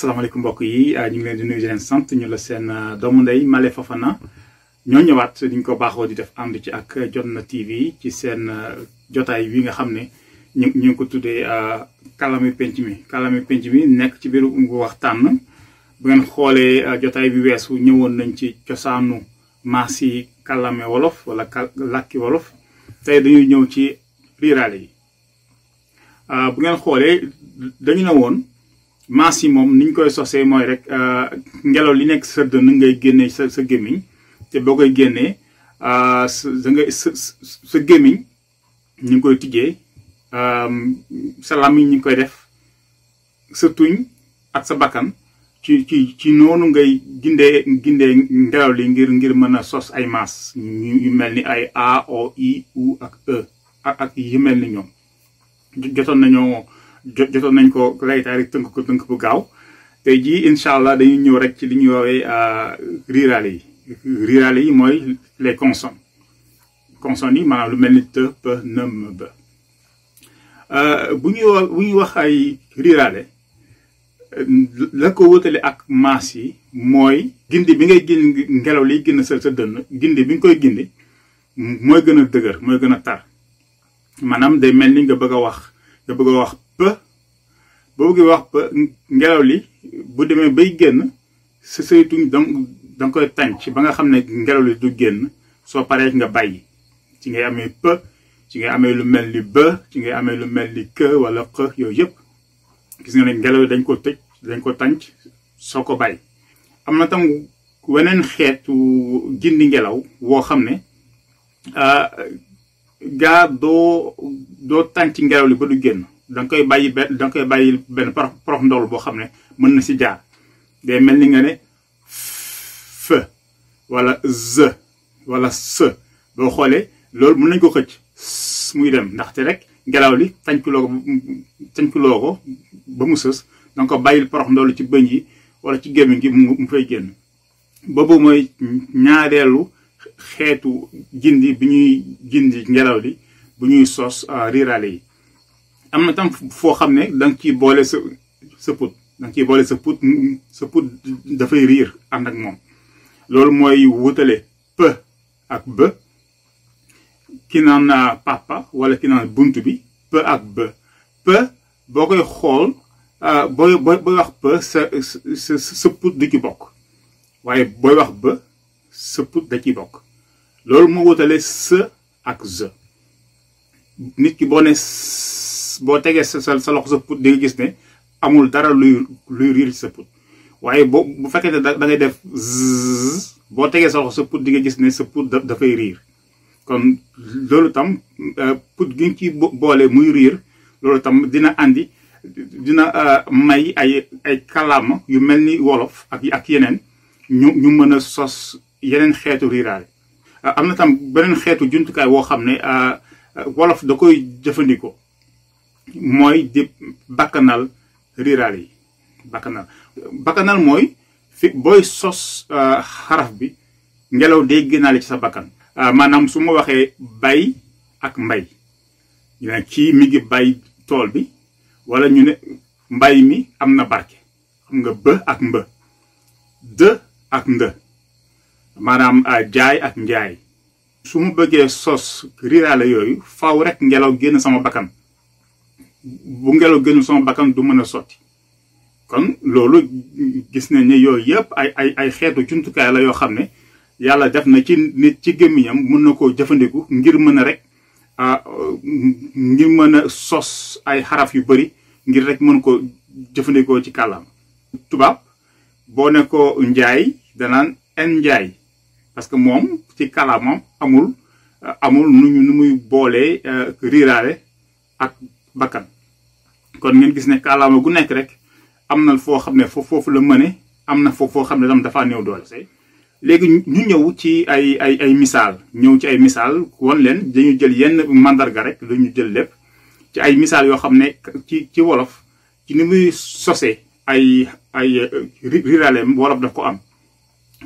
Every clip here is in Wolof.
asalaamaaleykum mbokk yi ah, ñu ngi leen di nuyu sant ñu la seen ah, doomu ndey Male Fofana ñoo ñëwaat di ñu ko baaxoo di def ànd ci ak ah, Jotna TV ci seen jotaay wi nga xam ne ñu ñu ko tuddee kàllaami penc mi kàllaami penc mi nekk ci biiru waxtaan bu ngeen xoolee jotaay bi weesu ñëwoon nañ ci cosaanu maas yi kàllaame wolof wala làkki wolof tey dañuy ñëw ci riiraale yi bu ngeen xoolee dañu ne woon. maas yi moom ni ñu koy sosee mooy rek euh, ngelaw li nekk sa dënn ngay génnee sa sa gémmiñ te boo koy génnee euh, sa nga sa gémmiñ ñu ngi koy tijjee euh, sa làmmiñ ñu ngi koy def sa tuñ ak sa bakkan ci ci ci noonu ngay gindee gindee ngelaw li ngir ngir mën a sos ay maas yu mel ni ay a o i u ak e ak yu mel ni ñoom jotoon nañoo jotoon nañ ko laytaay rek tënk ko tënk bu gaaw te jii incha allah dañuy ñëw rek ci li ñuy woowee euh, rurale yi rurale yi mooy les consonnes consonnes yi maanaam lu mel ni të pë në më euh, bu ñuy wax bu wax ay rurale la ko wutale ak maas yi mooy gindi bi ngay gindi ngelaw liy gën a sa dënn gindi bi nga koy gindi mooy gën a dëgër mooy gën a tar maanaam day mel ni nga bëgg a wax nga bëgg a wax boo bëggee wax ngelaw li bu demee bay génn sa say tuñ dang nga koy tànc ba nga xam ne ngelaw li du génn soo paree nga bàyyi ci ngay amee p ci ngay amee lu mel ni b ci ngay amee lu mel ni k wala q yooyu yëpp gis nga ne ngelaw li dañ koo tëj dañ koo tànc soo ko bàyyi am na tam weneen xeetu gindi ngelaw woo xam ne ah, gaa doo doo tànc ngelaw li ba du génn da koy bàyyi benn da nga koy ndool boo xam ne mën na si jaar day mel ni nga ne f wala z wala s boo xoolee loolu mën nañ koo xëcc muy dem ndaxte rek ngelaw li tànkuloo ko ba mu sës da nga ko bàyyil prox ndool ci bëñ yi wala ci gémmiñ gi mu fay génn boobu mooy ñaareelu xeetu gindi bi ñuy gindi ngelaw li bu ñuy sos ah, riiraale yi am na tam foo xam ne danga nga ciy boole sa sa put da nga ciy boole sa put sa dafay riir ànd ak moom loolu mooy wutale p ak b ki naan papa wala ki naan bunt bi p ak b p boo koy xool ah, booy booy wax p sa sa sa bokk waaye booy wax b sa da ciy bokk loolu moo wutale s ak z nit ki boo boo tegee sa sa loxo sa put di gis ne amul dara luy luy riir sa put waaye boo bu fekkee ne da ngay def boo tegee sa loxo sa put di nga gis ne sa put dafay riir kon loolu tam euh, put gin ci boole muy riir loolu tam dina indi dina euh, may ay ay kàllaama yu mel ni wolof ak ak yeneen ñu ñu mën a sos yeneen xeetu riiraale euh, am na tam beneen xeetu jumtukaay woo xam ne wolof da koy jëfandikoo mooy di bakkanal riral yi bakkanal bakkanal mooy fi booy sos euh, xaraf bi ngelaw day génnaale ci sa bakkan euh, maanaam su ma waxee bay ak mbay ñu ne kii mi ngi bay tool bi walla ñu ne mbay mi am na barke xam nga bë ak mbë dë ak ndë maanaam euh, jaay ak njaay su ma bëggee sos riral yooyu faw rek ngelaw génn sama bakkan bu ngelaw gënul sama bakkan du mën a sotti kon loolu gis nañ ni yooyu yëpp ay ay ay xeetu jumtukaay la yoo xam ne yàlla def na ci nit ci gémmiñam mën na koo jëfandiku ngir mën a rek ngir mën a sos ay xaraf yu bari ngir rek mën ko jëfandikoo ci kàllaam tubaab boo ne ko njaay danaan en njaay parce que moom ci kàllaamam amul amul nu nu muy boolee euh, riiraale ak bakkan kon ngeen gis ne kaalaama gu nekk rek am na foo xam ne foofu la mëne am na foofu foo xam ne tam dafaa néew doole léegi ñu ñëw ci ay ay ay misaal ñëw ci ay misaal won leen dañu jël yenn màndarga rek la ñu jël lépp ci ay misaal yoo xam ne ci ci wolof ci ni muy sose ay ay riralem wolof daf ko am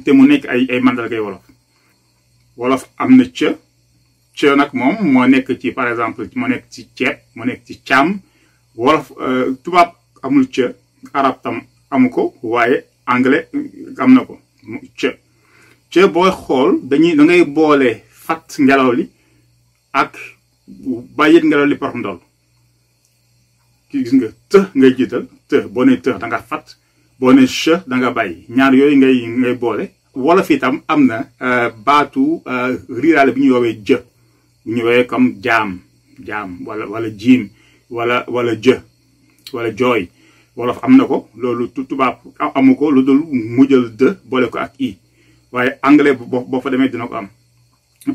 te mu nekk ay ay mandargay wolof wolof am na ca ci nag moom moo nekk ci par exemple moo nekk ci ceeb moo nekk ci caam wolof euh, tubaab amul ca arab tam amu ko waaye anglais euh, am na ko ca ca booy xool dañuy da ngay boole fat ngelaw li ak bàyyit ngelaw li porox ndool gis nga të ngay jiital të boo nee të da nga fat boo nee che da nga bàyyi ñaar yooyu ngay boole wolof itam am na euh, baatu riiraale bi ñuy woowee jë ñëwee kam jaam jaam wala walla jiim wala wala jë wala jooy wolof am na ko loolu tubaab amu ko lu dul mujjal dë boole ko ak i waaye anglais boo fa demee dina ko am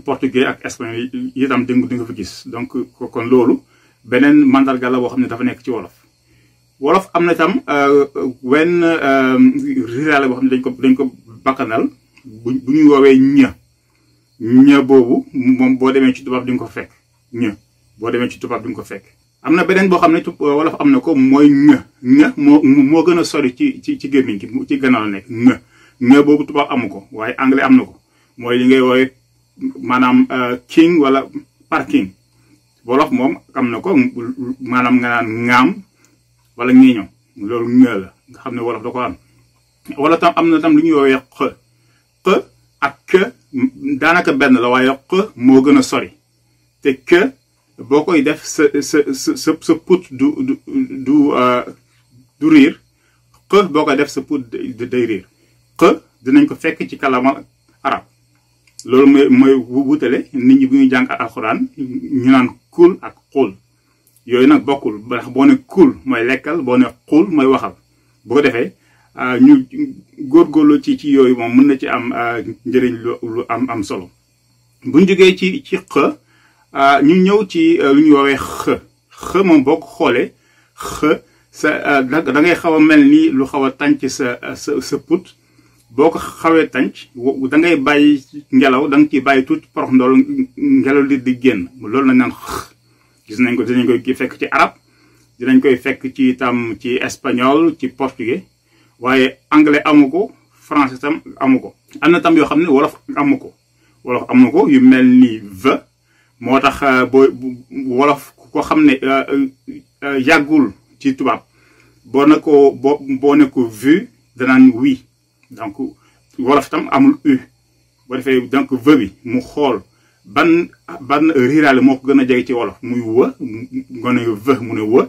portugais ak espagnol itam di nga fa gis donc kon loolu beneen mandarga la boo xam ne dafa nekk ci wolof wolof am na tam euh, wenn euh, riiraale boo xam ne dañ ko dañ ko bakkanal bu bu ñuy woowee ña ñë boobu moom boo demee ci tubaab di nga ko fekk ñë boo demee ci tubaab di nga ko fekk am na beneen boo xam ne euh, wolof am na ko mooy ñë ñë moo moo gën a sori ci ci ci gémmiñ gi ci gannaaw la nekk ñë ñë boobu tubaab amu ko waaye anglais am na ko mooy li ngay woowe maanaam euh, king wala parking wolof moom am na ko maanaam nga naan ŋaam wala ñiiño loolu ñë la nga xam ne wolof da ko am wala tam am na tam lu ñuy woowee xë ak daanaka benn la waaye q moo gën a sori te que boo koy def sa sa sa sa put du du du euh, riir q boo koy def sa put day riir dinañ ko fekk ci kalaama arab loolu mooy mooy wutale nit ñi bu ñuy jàng alxuraan ñu naan kuul ak xuul yooyu nag bokkul ndax boo ne kuul mooy lekkal boo ne xuul mooy waxal boo defee Euh, ñu góorgóorlu ci ci yooyu moom mën na ci am euh, njëriñ lu am am solo buñ jógee ci ci x euh, ñu ñëw ci lu ñu woowee x x moom boo ko xoolee x sa da ngay xaw a mel ni lu xaw a tànc sa sa put boo ko xawee tànc da ngay bàyyi ngelaw da nga ciy bàyyi tuuti porox ndool ngelaw li di génn loolu na naan x gis nañ ko dinañ koy fekk ci arab dinañ koy fekk ci itam ci espagnol ci portugais waaye anglais amu ko français tam amu ko am na tam yoo xam ne wolof amu ko wolof am na ko yu mel ni v moo tax euh, boo wolof ko xam ne euh, euh, yàggul ci tubaab boo ne ko boo boo ne ko vu danaan wi donc wolof tam amul u boo defee donc v bi mu xool ban ban riiraale moo ko gën a jege ci wolof muy wë nga ne v mu ne wë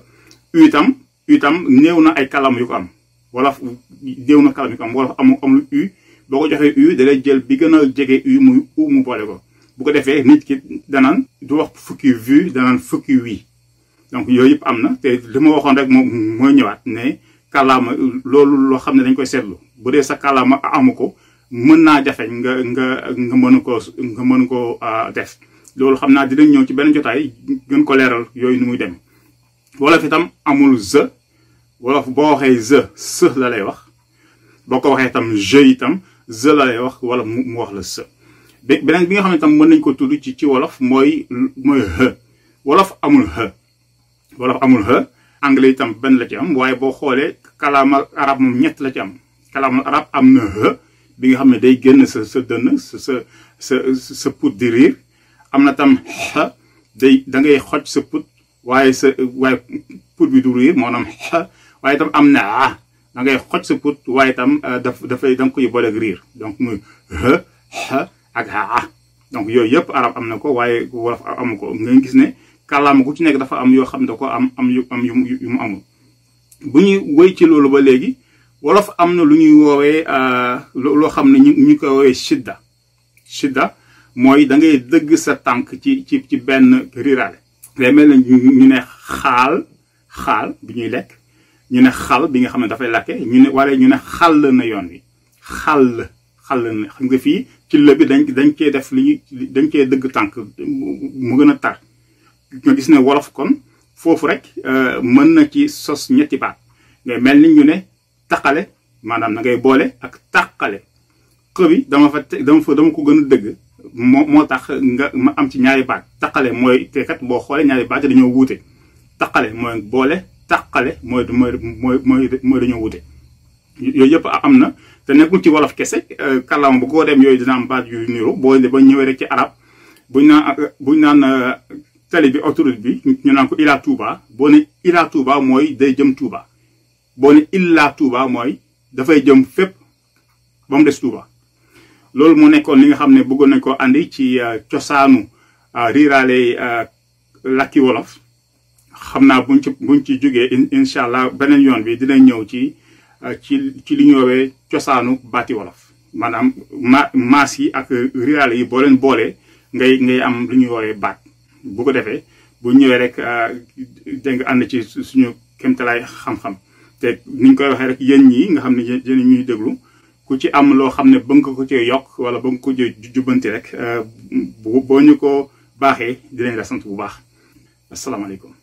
u tam u tam néew na ay kalam yu ko am wala déew na kàlla bi ko am wala amul amul u boo ko joxee u da lay jël bi gën a jege u muy u mu boole ko bu ko defee nit ki danaan du wax fukki vu danaan fukki wii donc yooyu yëpp am na te li ma waxoon rek moom mooy ñëwaat ne kàllaama loolu loo xam ne dañ koy seetlu bu dee sa kàllaama amu ko mën naa jafe nga nga nga mën koo nga mën koo def loolu xam naa dinañ ñëw ci benn jotaay gën ko leeral yooyu nu muy dem wala fi tam amul wolof boo waxee je se la lay wax boo ko waxee itam je itam je la wax wala mu wax la se beneen bi nga xam ne tam mën nañ ko tudd ci ci wolof mooy mooy wolof amul h amul h anglais itam benn la ci am waaye boo xoolee kalaamal arab moom ñett la ci am kalaamal arab am na h bi nga xam ne day génn sa sa dënn sa sa sa sa put di riir am na tam h day da ngay xoj sa put waaye sa waaye put bi du riir maanaam waaye itam am naa ah dangay xoj sa put waaye itam euh, daf dafay da nga koy booleeg riir donc muy h ak haa ah. donc yooyu yëpp arab am na ko waaye wolof amu ko nga gis ne kàllaama ku ci nekk dafa am yoo xam ne ko am am yu am yu mu amul bu ñuy wéy ci loolu ba léegi wolof am na lu ñuy woowee euh, loo xam ne ñu ñu koy woowee shidda shidda mooy dangay ngay dëgg sa tànk ci ci ci benn riiraale day mel na ñu ne xaal xaal bu ñuy lekk ñu ne xal bi nga xam ne dafay lakke ñu ne wala ñu ne xàll na yoon wi xàll xàll na xam nga fii ci lë bi dañ dañ cee def li dañ cee dëgg tànk mu gën a tar nga gis ne wolof kon foofu rek euh, mën na ci sos ñetti baat ngay mel ni ñu ne taqale maanaam na ngay boole ak taqale xë bi dama fa dama fa dama ko gën a dëgg moo moo tax nga ma am ci ñaari baat taqale mooy te boo xoolee ñaari baat dañoo wuute taqale mooy boole tàqale mooy mooy mooy mooy dañoo wute yooyu yëpp am na te nekkul ci wolof kese euh, kàllaama bu ko dem yooyu dina am baat yu niru boo ba ñëwee rek ci arab buñ naan euh, buñ naan euh, tali bi autoroute bi ñu naan ko ila Touba boo ne ila Touba mooy day jëm Touba boo ne Touba mooy dafay jëm fépp ba mu des Touba loolu moo nekkoon li nga xam ne bëggoon nañ koo andi ci cosaanu riiraale làkki wolof xam naa buñ ci buñ ci jógee incha allah beneen yoon bi dina ñëw ci euh, ci ci li ñu woowee cosaanu baati wolof maanaam ma maas yi ak riyaale yi boo leen boolee ngay ngay am lu ñuy woowee baat bu ko defee bu ñëwee rek euh, dégg nga ànd ci suñu kéemtalaay xam-xam te niñ koy waxee rek yéen ñi nga xam ne yéen ñuy déglu ku ci am loo xam ne ba nga ko cee yokk wala ba nga ko cee jubbanti rek euh, boo ñu ko baaxee dinañ la bu baax asalaamaaleykum